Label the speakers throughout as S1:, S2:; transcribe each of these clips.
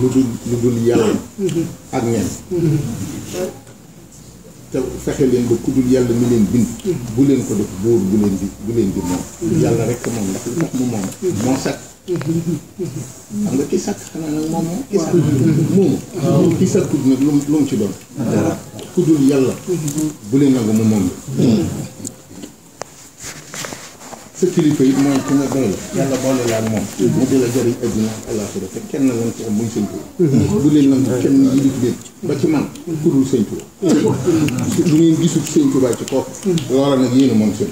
S1: lu dul lu dul yàlla ak ñen te fexe leen ba ku dul yàlla mu leen bind bu leen ko def buur bu leen di bu leen di moom yàlla rekk moom ndax lu tax mu moom moo sàkk xam nga ki moom moom ki sàkk moomu ci doon dara ku dul yàlla bu leen nangu mu moom bi sa kilifa yi mooy ki nga doy la yàlla boole la moom mu di la jëriñ adduna àllaaxira te kenn nag lañ ci am muy sëñ Tuuba bu leen kenn yi leen ba ci man ku dul sëñ Tuuba bu ngeen gisul sëñ Tuuba ci kooku loola a moom seen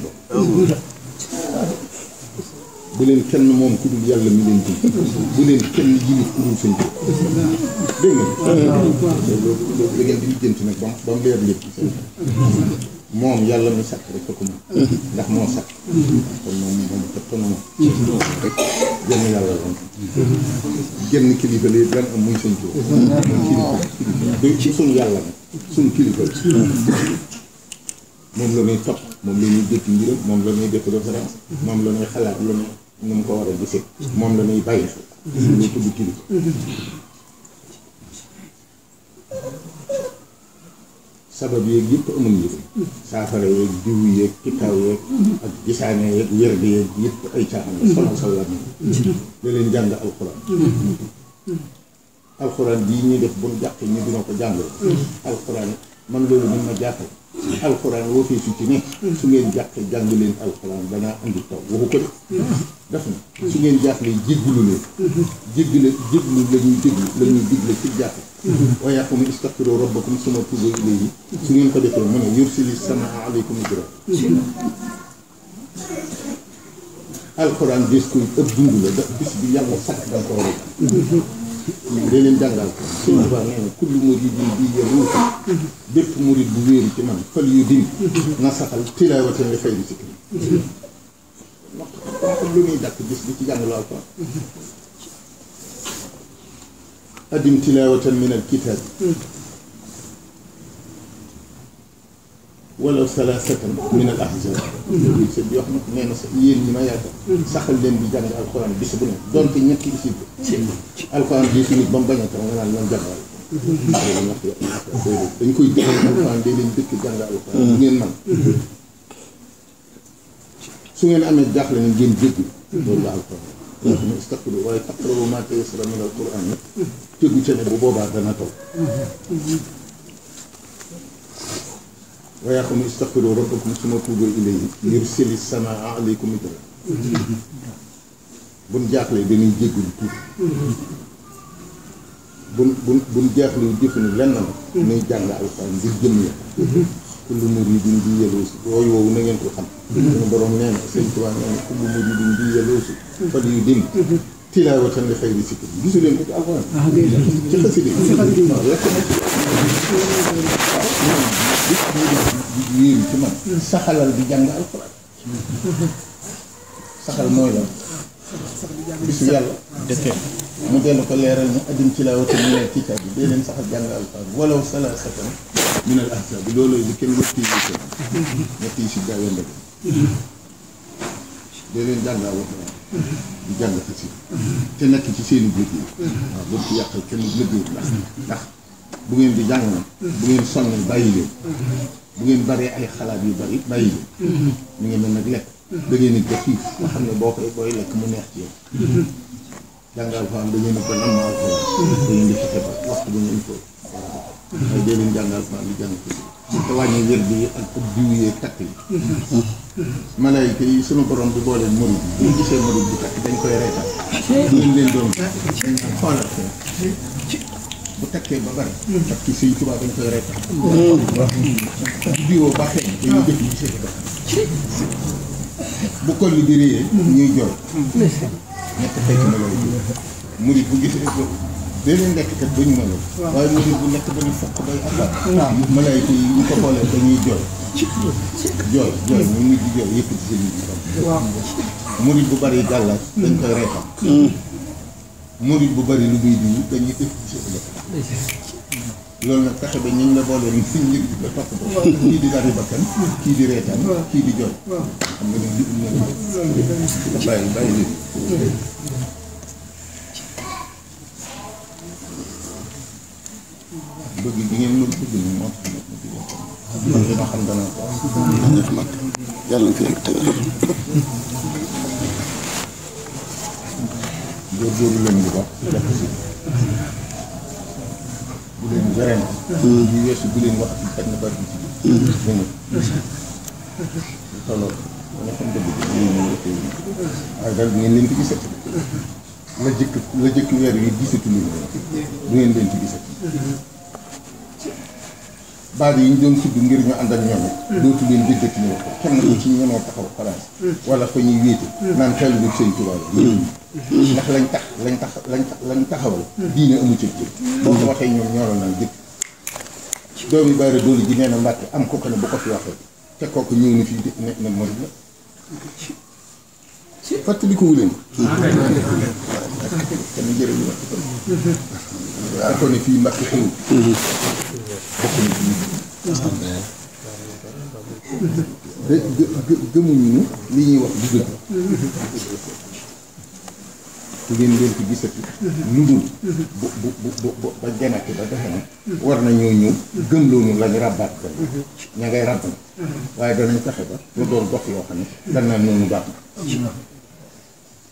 S1: kenn moom ku dul mi leen di bu leen kenn yilif ku dul sëñ Tuuba dégg nga loolu li ngeen di moom yàlla mu sàkk rek ko moom mhm. ndax moo sàkk kon moom moom tëpp mhm. mhm. moom la génn kilifa muy suñ ci suñ yàlla kilifa moom la muy topp moom la moom la ñuy def référence moom la muy xalaat la ko war moom la muy bàyyi kilifa sabab yeeg yëpp amul njëriñ mm. saafara yeeg diw yéeg kitaaw yeeg ak gisaane yeeg wér bi yeeg yëpp ay caaxaan la mm. sonal sa làmmiñ mm. ñuy def bu jàqi ñu dina ko jàngal alxuraan man loolu mën ma jàqal alxuraan woo fee ci ne su ngeen jàq jàng leen alxuraan danaa andi taw waxu ko de def na su ngeen jàqlee jégglu leen jégglu jégglu la ñuy jéglu la ñuy digle ci jàqe Mm-hmm. wa yaqum istaghfiru rabbakum suma tubu ilayhi su ngeen ko defee mu ne yursili samaa aleykum wizra mm-hmm. alxuraan des koy ëpp dund la ndax bis bi yàlla sàkk da ko war a mm-hmm. leen jàngal ko suñu baa nee na kullu muridin bi yaruuta bépp bu wéeru ci man fal yu din na saxal tilaawatan li xayri zikri lu muy dàkk bis bi ci jàngal alxuraan أدم تلاوة من الكتاب ولو ثلاثة من الأحزاب سيدي أحمد نين سيين لما يأتي سخل لين بجانب القرآن بسبنا دون في نيكي سيد القرآن دي سيد بمبانا ترغل على من جبال إن كوي دخل القرآن دي لين بك جانب القرآن نين من سوين أمي الداخل نجين جدي دون القرآن istakbiru mm-hmm. waaye taqrabu maa tayassara min al-Qur'aan tegu ca ne bu boobaa dana toog. waaye xam istakbiru rabbakum summa tuubu ilayhi yursili samaa alaykum midrara buñ jaaxlee dañuy jéggul tuuti. buñ buñ buñ jaaxlee jëfandiku lenn nag. ñuy jàng alxuraan ngir jëm kullu muridin bi yeloosi yooyu woowu na ngeen ko xam mm-hmm. suñu borom nee na sëñ Tuubaa nee na kullu muridin bi yeloosi mm-hmm. fal yu din mm-hmm. tilaawatan li xayri sikri gisu leen ko ci alxuraan ah, ci xasida waaw lekk na yéeru saxalal di jàng alxuraan saxal mooy lan bisu yàlla mu dellu ko leeral ñu adim tilaawatan li xayri sikri dee leen saxal jàng alxuraan walaw salaasatan min al ahzab bi looloo di kenn ñett yi ñu ko ñett yi si gaa yi ndek leen jàngaa waxtaan di jàng xasi te nekk ci seen i biir yi waaw boobu ci kenn lëggéeyut bu ngeen di jàng bu ngeen sonnee bàyyi leen bu ngeen baree ay xalaat yu bari bàyyi leen ngi mel nag lekk da ngeen nit ba nga xam ne boo koy booy lekk mu neex ci yow jàngal fa am da ngeen nit ba ngeen di bu ngeen ko mooy dee leen jàngal alxuraan di jàng ko te wàññi bi ak diw sunu borom bi boo leen murid bu ñu gisee murid bu takk dañ koy reetal bu takkee ba bari takki sëñ Tuubaa dañ koy reetal ko li di réyee ñuy jooy ñett fekk na loolu bu gisee beneen lekk kat ba ñu mënul. waaye mu bu lekk ba ñu fokk bay am. waaw malayka dañuy jooy. jooy jooy ñu i waaw bu bari gàllaaj dañ koy reetaan. Mm. murid bu bari lu muy diw dañuy def ci seen loolu nag taxe ba ñu la boole ñu si njëg di ko kii di dari bakkan kii di reetaan kii di jooy. xam nga ne nit bëgg bi ngeen mën bëgg ni moo tax nekk ci yàlla man li ma xam dana neex mag yàlla fi yàgg tëgal góorgóorlu leen bu baax ci jàpp si bu leen jareen ñu nga tolloo ba nga xam dëgg bi ñu ñu ko waaye daal bi ngeen leen ci la jëkk la jëkk weer yi gisatu leen du ngeen leen ci baal yi ñu si tudd ngir ñu ànd ak ñoom. Mm. dootu leen déggati ñu wax ko. kenn ku ci ñemee taxaw place. Mm. wala fa ñuy wéete. Mm. naan xel bu sëñ Tuubaa la. ndax lañ tax lañ tax lañ tax lañ taxawal. diine amu ci jëkk. boo ko waxee ñoom ñoo naan dëkk. doomi Baara Dooli ji nee na Mbàkke am ko ko ne bu ko fi waxee te kooku ñëw na fii de ne ne Mouride la. fàttali leen. fekkoon ne fii Mbàkke xewul bokkuñu fii de gëmuñu li ñuy wax du dëgg su ngeen leen ci bu bu ba janati ba defe na war nañoo ñëw gëm loolu lañu ràbbaat ba ña ngay ràbb na waaye danañ fexe ba lu doon dox yoo xam ne danaa noonu baax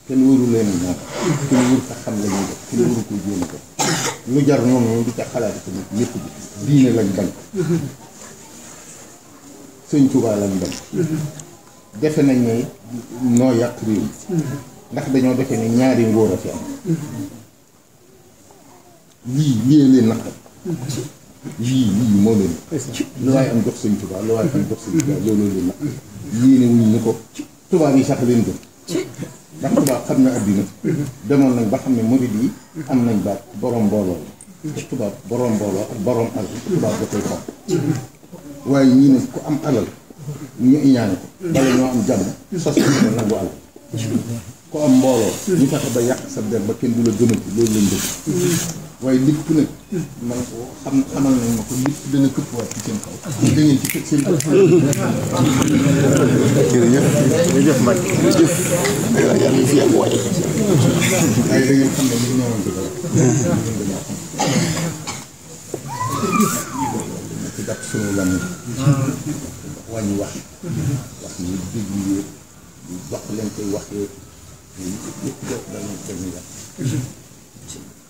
S1: kenn wëru leen ñoom ko xam la ñuy def ko lu jar noonu noonu di ca xalaat ko nit ñëpp diine lañ bañ sëñ Tuubaa lañ bañ defe nañ ne noo yàq réew ndax dañoo defe ne ñaari ngóor a fi am lii lii leen naqar yii yii moo leen lu waaye am jox sëñ Tuubaa lu waaye am jox sëñ Tuubaa loolu leen naqar yéene wuñ ni ko tubaab yi sax leen gën ndax tubaab xam na adduna demoon nañ ba xam ne murid yi am nañ baat borom mbooloo la ci tubaab borom mbooloo ak borom alal tubaab da koy xam waaye ñii ne ku am alal ñu iñaane ko bala ñoo am jàmm sos na nangu alal ku am mbooloo ñu fexe ba yàq sa der ba kenn du la gënal loolu lañ dëgg waaye nit ku nekk man ko xam xamal nañ ma ko nit dana këppwaat ci seen ci seen jërëjëf man jërëjëf yàlla yi fi ak waaye waaye da ngeen xam ne li ñëwoon ci dàq suñu lan wàññi wax wax ñu dégg yi jox leen koy waxee yëpp